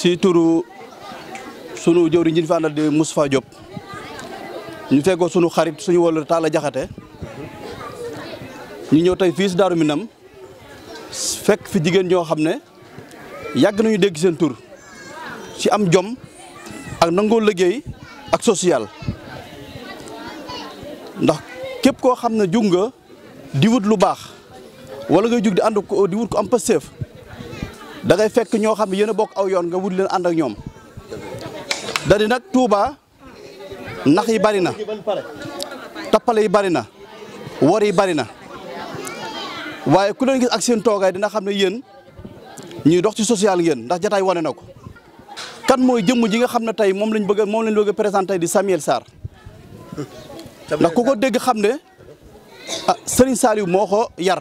si turu sunu jëwriñ ji ñu fi àndal di Moustapha Diop ñu feggoo sunu xarit suñu wàllu Talla Jaxate ñu ñëw tey fiis si Daaru Minam fekk fi jigéen ñoo xam ne yàgg nañu dégg seen tur ci am jom ak nangoo liggéey ak social ndax képp koo xam ne jug nga di wut lu baax wala ngay jug di ànd ko di wut ko am pasteef dangay fekk ñoo xam ne yéen a bokk aw yoon nga wut leen ànd ak ñoom da di nag Touba nax yi bari na tappale yi bari na wor yi bari na waaye ku leen gis ak seen toogaay dina xam ne yéen ñuy dox ci social ngeen ndax jataay wane na ko kan mooy jëmm ji nga xam ne tey moom lañ bëgg moom lañ bëgg a présenté di Samuel saar ndax ku ko dégg xam ne sëriñ ah, Serigne moo ko yar.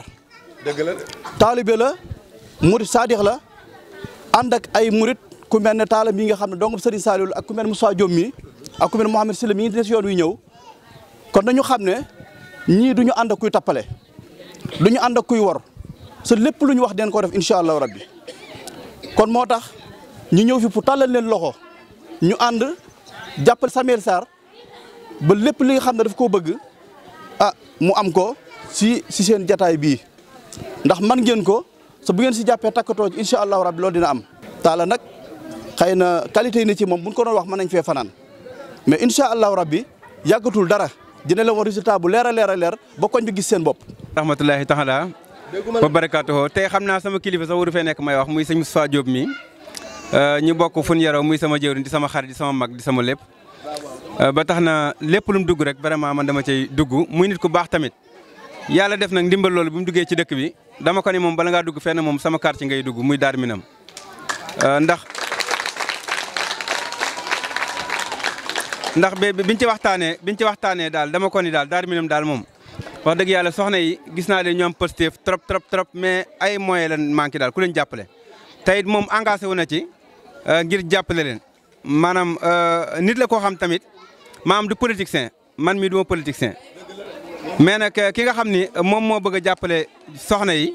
dëgg la taalibe la saadix la. ànd ak ay murit ku ne taala mi nga xam ne doom Serigne Saliou ak ku mel ne Moussa Diom mi ak ku mel ne Mouhamed Sylla mi ngi des yoon wi ñëw kon nañu xam ne ñii du ñu ànd ak kuy tappale du ñu ànd ak kuy wor sa lépp lu ñu wax den ko def incha allahu rabbi kon moo tax ñu ñëw fi pour tàllal leen loxo ñu ànd jàppale Samuel Sarr ba lépp li xam ne daf koo bëgg ah mu am ko si si seen jataay bii ndax man ngeen ko so bu ngeen si jàppee takkatoo ci incha allahu rabbi loolu dina am taala nag xëy na qualité yi ne ci moom buñ ko doon wax ma nañ fee fanaan mais incha allahu rabbi yàggatul dara dina la woon résultat bu leer a leer a leer ba koñ bi gis seen bopp rahmatullahi taala ba barakaatuhu tey xam naa sama kilifa sa waru fee nekk may wax muy sëñ Moustapha Diop mi euh, ñu bokk fu yaroo muy sama jëwriñ di sama xarit di sama mag di sama lépp euh, ba tax na lépp lu dugg rek vraiment man dama cay dugg muy ku baax tamit yàlla def nag ndimbal loolu bu mu duggee ci dëkk bi dama ko ni moom bala ngaa dugg fenn moom sama quartier ngay dugg muy Darou Minam euh, ndax ndax bi biñ ci waxtaanee biñ ci waxtaanee daal dama ko ni daal Darou Minam daal moom wax dëgg yàlla soxna yi gis naa ne ñoom positif trop trop trop mais ay moyens lañ manqué daal ku leen jàppale. tey moom engagé wu na ci euh, ngir jàppale leen maanaam euh, nit la koo xam tamit maanaam du politicien man mi du ma politicien mais nag euh, ki nga xam ni euh, moom moo bëgg a jàppale soxna yi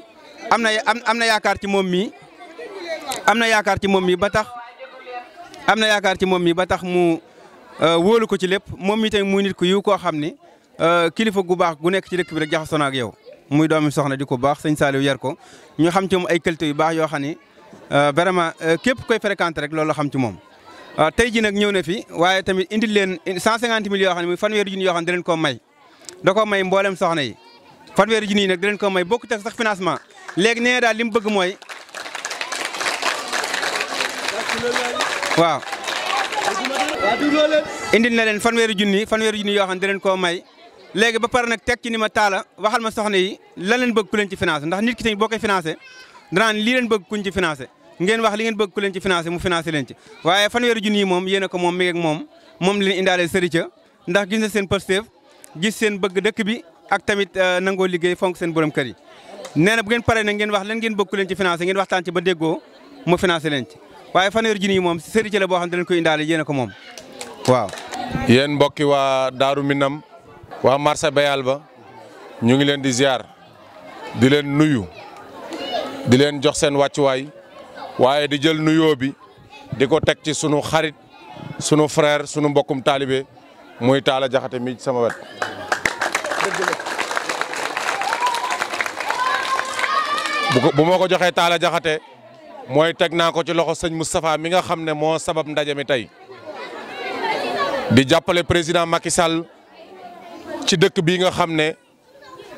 am na am na yaakaar ci moom mii am na yaakaar ci moom mii ba tax am na yaakaar ci moom mii ba tax mu euh, wóolu ko ci lépp moom mii te mu nit ku yiw koo xam ni kilifa gu baax gu nekk ci dëkk bi rek jaxasoo na ak yow. muy doomi soxna di ko baax sëñ Saliou yar ko ñu xam ci moom ay qualité yu baax yoo xam ni vraiment képp koy fréquenté rek loolu xam ci moom. tey ji ñëw na fi waaye tamit indi leen 150 mille yoo xam ne muy fanweeri junni yoo may. da ko may mboolem soxna yi fanweeri junni yi nag di leen ko may bokk teg sax financement léegi nee daal li mu bëgg mooy waaw indil na leen fanweeri junni fanweeri junni yoo xam ne di leen may léegi ba pare nag teg ci ni ma taala waxal ma soxna yi lan leen bëgg ku leen ci financé ndax nit ki tamit boo koy financé danaan li leen bëgg kuñ ci financé ngeen wax li ngeen bëgg ku leen ci financé mu financé leen ci waaye fanweeri junni yi moom yéen ko moom mi ngeeg moom moom leen indaale sërica ndax gis seen pësteef gis seen bëgg dëkk bi ak tamit euh, nangoo liggéey fonk seen borom kër yi nee na bu ngeen paree na ngeen wax lan ngeen bëgg ku leen ci financé ngeen waxtaan ci ba déggoo mu financé leen ci waaye fanweeri junni yi moom sëriñ ci la boo xam ne dañ koy indaale yéen ko moom waaw. yéen mbokki waa Daaru Minam waa marché Bayal ba ñu ngi leen di ziar di leen nuyu di leen jox seen wàccuwaay waaye di jël nuyoo bi di ko teg ci sunu xarit sunu frère sunu mbokkum taalibe muy Talla Diakhaté mi sama wet bu ma ko joxee Talla Diakhaté mooy teg naa ko ci loxo sëñ Moustapha mi nga xam ne moo sabab ndaje mi tey di jàppale président Macky Sall ci dëkk bii nga xam ne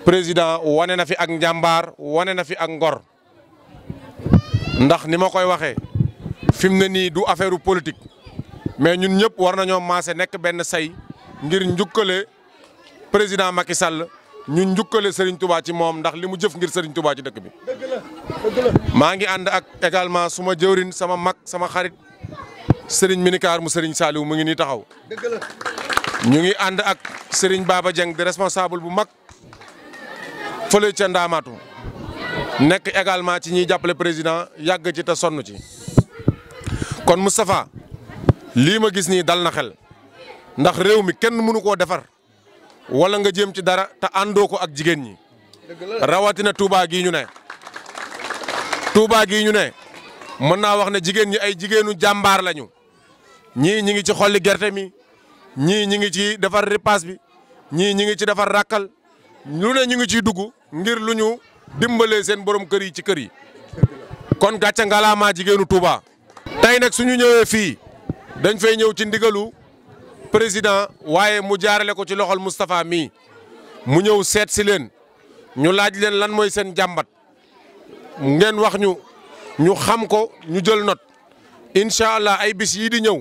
président wane na fi ak njàmbaar wane na fi ak ngor ndax ni ma koy waxee fi mu ne nii du affaire politique mais ñun ñëpp war nañoo maase nekk benn say ngir njukkale président Macky Sall ñu njukkale Serigne Touba ci moom ndax li mu jëf ngir Serigne Touba ci dëkk bi. maa ngi ànd ak également suma jëwrin sama mag sama xarit Serigne Minikaar mu Serigne Saliou mu ngi nii taxaw. ñu ngi ànd ak Serigne Baba jeng di responsable bu mag fële ca Ndaamaatu nekk également ci ñiy jàppale président yàgg ci te sonn ci kon Moustapha lii ma gis nii dal na xel. ndax réew mi kenn mënu koo defar wala nga jëm ci dara te àndoo ko ak jigéen ñi rawatina Touba gi ñu ne Touba gi ñu ne mën naa wax ne jigéen ñi ay jigéenu jàmbaar lañu ñii ñi ngi ci xolli gerte mi ñii ñi ngi ci defar ripaas bi ñii ñi ngi ci defar rakkal lu ne ñu ngi ciy dugg ngir lu ñu dimbalee seen borom kër yi ci kër yi kon gàcce ngalaamaa jigéenu Touba. tey nag suñu ñëwee fii dañ fay ñëw ci ndigalu président waaye mu jaarale ko ci loxol Moustapha mii mu ñëw seet si leen ñu laaj leen lan mooy seen jàmbat ngeen wax ñu ñu xam ko ñu jël note incha allah ay bis yii di ñëw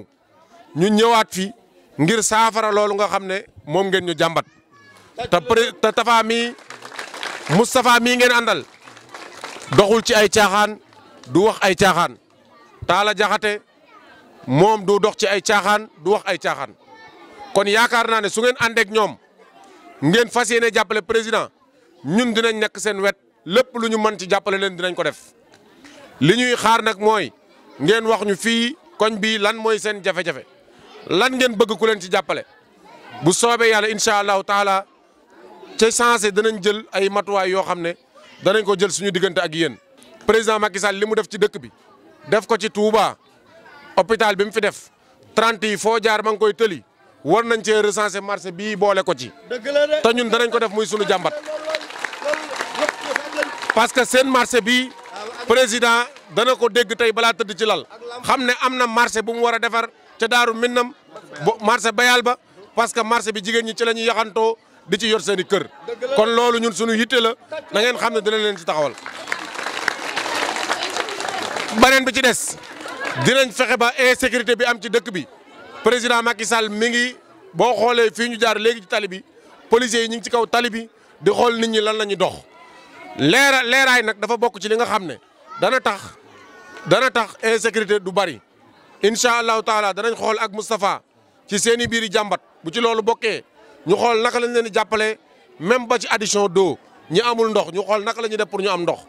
ñu ñëwaat fi ngir saafara loolu nga xam ne moom ngeen ñu jàmbat. te pré te Tafa mii Moustapha mii ngeen àndal doxul ci ay caaxaan du wax ay caaxaan taala jaxate moom du dox ci ay caaxaan du wax ay caaxaan. kon yaakaar naa ne su ngeen àndeek ñoom ngeen fas yéene jàppale président ñun dinañ nekk seen wet lépp lu ñu mën ci jàppale leen dinañ ko def li ñuy xaar nag mooy ngeen wax ñu fii koñ bii lan mooy seen jafe-jafe lan ngeen bëgg ku leen ci jàppale bu soobee yàlla incha allahu taala ca changé danañ jël ay matuwaay yoo xam ne danañ ko jël suñu diggante ak yéen président Macky Sall li mu def ci dëkk bi def ko ci Touba hôpital bi mu fi def 30 yi foo jaar ma ngi koy tëli. war nañ cee recenser marché bii boole ko ci. te ñun danañ ko def muy sunu jàmbat. parce que seen marché bi président dana ko dégg tey balaa tëdd ci lal xam ne am na marché bu mu war a defar ca Daaru Minnam marché Bayal ba parce que marché bi jigéen ñi ci la ñuy yaxantoo di ci yor seen i kër. kon loolu ñun sunu yitte la na ngeen xam ne dina leen ci taxawal. beneen bi ci des dinañ fexe ba insécurité bi am ci dëkk bi. président Macky Sall mi ngi boo xoolee fii ñu jaar léegi ci tali bi policiers yi ñu ngi ci kaw tali bi di xool nit ñi lan la ñuy dox. leera leeraay nag dafa bokk ci li nga xam ne dana tax dana tax insécurité du bari incha allahu taala danañ xool ak Moustapha ci seen i biir yi jàmbat bu ci loolu bokkee ñu xool naka lañ leen di jàppale même ba ci addition do ñi amul ndox ñu xool naka la ñuy def pour ñu am ndox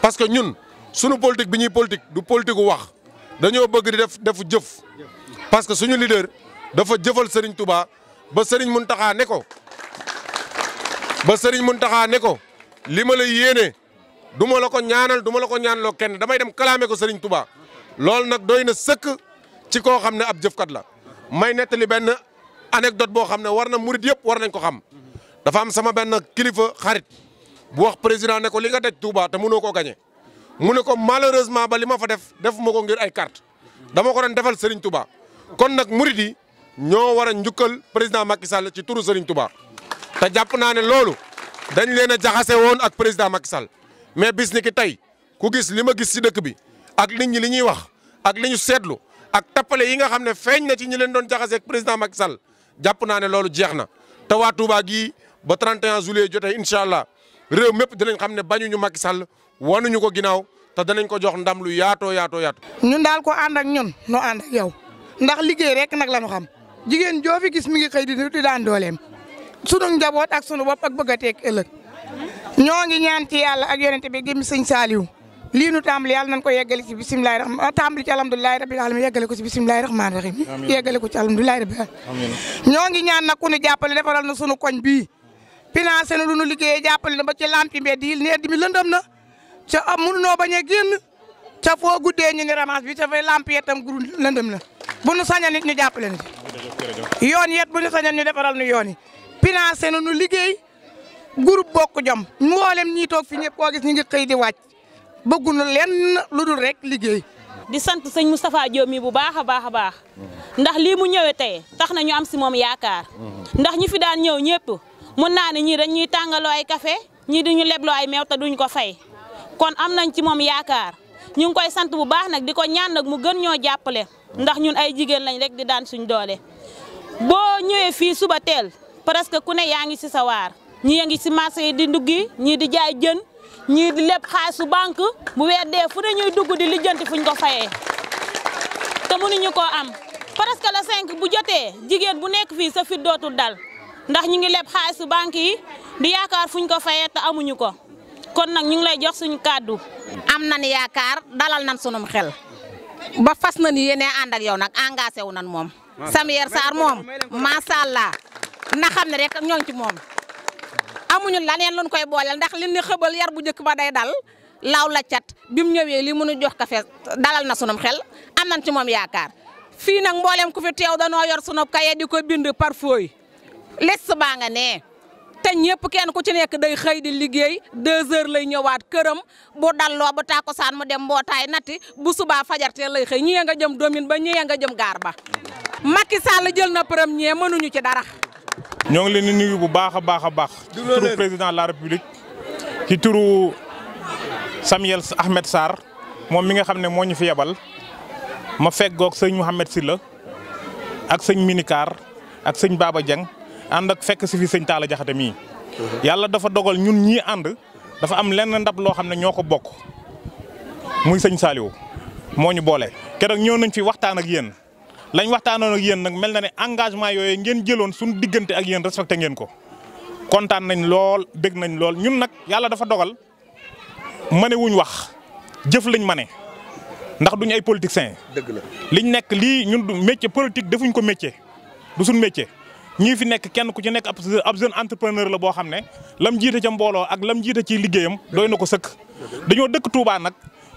parce que ñun sunu politique bi ñuy politique du politique gu wax dañoo bëgg di def defu jëf parce que suñu leader dafa jëfal Serigne Touba ba sëriñ Serigne Mountakha ne ko ba mun Mountakha ne ko li ma la yéene duma la ko ñaanal duma la ko ñaanaloo kenn damay dem kalaame ko Serigne Touba loolu nag doy na sëkk ci koo xam ne ab jëfkat la may nettali benn anecdote boo xam ne war na murit yëpp war nañ ko xam dafa sama benn kilifa xarit bu wax président ne ko li nga daj Touba te mënoo koo gañe mu ne ko malheureusement ba li ma fa def def ma ko ngir ay kart dama ko doon defal Serigne Touba. kon nag murid yi ñoo war a njukkal président Macky Sall ci turu Serigne Touba te jàpp naa ne loolu dañ leen a jaxase woon ak président Macky Sall mais bis ni tey ku gis li ma gis ci dëkk bi ak nit ñi li ñuy wax ak li ñu seetlu ak tappale yi nga xam ne feeñ na ci ñi leen doon jaxase ak président Macky Sall jàpp naa ne loolu jeex na te waa Touba gii ba 31 juillet jote incha allah réew mépp dinañ xam ne bañuñu Macky Sall wanuñu ko ginnaaw te danañ ko jox ndam lu yaatoo yaatoo yaatoo. ñun daal ko ànd ak ñun noo ànd ndax liggéey rek nag la ñu xam jigéen joo fi gis mi ngi xëy di di daan dooleem sunu njaboot ak sunu bopp ak bëgg a teeg ñoo ngi ñaan ci yàlla ak yonente bi gëm sëñ Saliou lii nu tàmbali yàlla nañ ko yeggale ci bisimilahi rahmaan ah, tàmbali ci alhamdulilahi rabbil alamin yeggale ko ci bisimilahi rahmaani rahim yeggale ko ci alhamdulilahi rabbil alamin ñoo ngi ñaan nag ku nu jàppale defaral na sunu koñ bi financé na lu nu liggéeyee jàppale na ba ci lampi mbedd yi ne di mi lëndëm na ca am mënunoo bañ a génn ca foo guddee ñu ne ramage bi ca fay lampi itam guru lëndëm na bu nu sañal nit ñu jàppale ñu ci yoon yet bu ñu sañal ñu defaral yoon yi financé na nu liggéey groupe bokk jom mboolem ñii toog fi ñëpp koo gis ñu ngi xëy di wàcc bëgguñu lenn lu dul rekk liggéey. di sant sëñ Moustapha Diop mi bu baax a baax a baax ndax lii mu ñëwee tey tax nañu am si moom yaakaar ndax ñi fi daan ñëw ñëpp mun naa ne ñii dañuy tàngaloo ay kafe ñii duñu lebloo ay meew te duñ ko fay kon am nañ ci moom yaakaar. ñu ngi koy sant bu baax nag di ko ñaan nag mu gën ñoo jàppale ndax ñun ay jigéen lañ rek di daan suñ doole boo ñëwee fii suba teel presque ku ne yaa ngi si sa waar ñii ngi si marché yi di nduggi ñii di jaay jën ñii di leb xaalisu banque bu weer dee fu ne ñuy dugg di lijjanti fuñ ko fayee te mënuñu koo am presque la cinq bu jotee jigéen bu nekk fii sa fit dootul dal ndax ñu ngi leb xaalisu banque yi di yaakaar fuñ ko fayee te amuñu ko kon nag ñu ngi lay jox suñu kàddu. am nañu yaakaar dalal nañ sunum xel ba fas na ni yéene ànd ak yow nag engagé wu nañ moom. Samuel Sarr moom macha allah na xam ne rek ñoo ngi ci moom. amuñu laneen luñ koy booleel ndax li ni xëbal yar bu njëkk ba day dal laaw la cat bi mu ñëwee mun mënu jox kafe dalal na sunum xel am nañ ci moom yaakaar fii nag mboolem ku fi da noo yor sunub kaye di ko bind par fooy les baa nga nee. ñooñ ñëpp kenn ku ci nekk day xëy di liggéey deux heures lay ñëwaat këram bu dalloo ba tàkkusaan mu dem mbootaay natti bu subaa fajartee lay xëy ñee nga jëm domine ba ñee nga jëm gaar ba Macky Sall jël na përëm ñee mënuñu ci dara ñoo ngi leen di nuyu bu baax a baax a baax ci turu président la république ci turu Samuel Ahmed Sarr moom mi nga xam ne moo ñu fi yebal ma feggoog sëñ Mouhamed sila ak sëñ Minicar ak sëñ Baba Dieng ànd ak fekk si fi sëñ Talla Diakhaté mii. yàlla dafa dogal ñun ñii ànd dafa am lenn ndab loo xam ne ñoo ko bokk muy sëñ Saliou moo ñu boole. keroog ñëw nañ fi waxtaan ak yéen lañ waxtaanoon ak yéen nag mel na ne engagement yooyu ngeen jëloon suñu diggante ak yéen respecté ngeen ko kontaan nañ lool dégg nañ lool ñun nag yàlla dafa dogal mane wuñ wax jëf lañ mane ndax duñ ay politiciens. dëgg la liñ nekk lii ñun du métier politique defuñ ko métier du suñ métier. ñii fi nekk kenn ku ci nekk ab jeune entrepreneur la boo xam ne lam jiite ca mbooloo ak lam jiite ci liggéeyam doy na ko sëkk dañoo dëkk Touba nag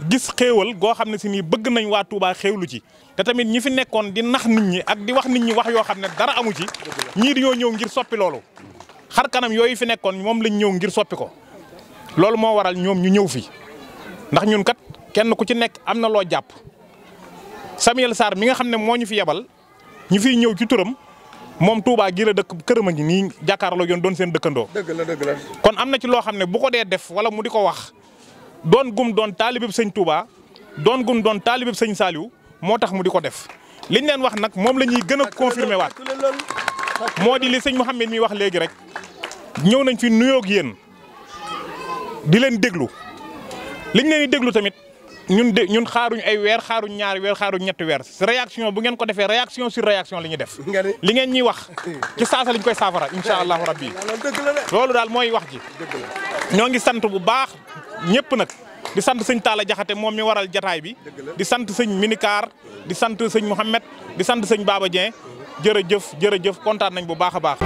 gis xéewal goo xam ne si nii bëgg nañ waa Touba xéewlu ci te tamit ñi fi nekkoon di nax nit ñi ak di wax nit ñi wax yoo xam ne dara amu ci ñii dañoo ñëw ngir soppi loolu xar kanam yooyu fi nekkoon moom lañ ñëw ngir soppi ko loolu moo waral ñoom ñu ñëw fi ndax ñun kat kenn ku ci nekk am na loo jàpp Samuel Sarr mi nga xam ne moo ñu fi yebal ñu fiy ñëw ci turam moom Touba gii la dëkk këram a ngi nii jàkkaarloo yoon doon seen dëkkandoo. dëgg la dëgg la kon am na ci loo xam ne bu ko dee def wala mu di ko wax doon gum doon taalibib sëñ Touba doon gum doon taalibib sëñ Saliou moo tax mu di ko def liñ leen wax nag moom la ñuy gën a confirmer waat moo di li sëñ Mouhamed mi wax léegi rek ñëw nañ fi nuyoog yéen di leen déglu liñ leen déglu tamit. ñun de ñun xaaruñ ay weer xaaruñ ñaari weer xaaruñ ñetti weer réaction bu ngeen ko defee réaction sur réaction li ñuy def. li ngeen ñuy wax ci saasa lañ koy saafara incha allahu rabbi loolu daal mooy wax ji. ñoo ngi sant bu baax ñëpp nag. di sant sëñ Talla Jaxate moom mi waral jataay bi di sant sëñ Minicar di sant sëñ Mouhamed di sant sëñ Baba Dieng jërëjëf jërëjëf kontaan nañ bu baax a baax.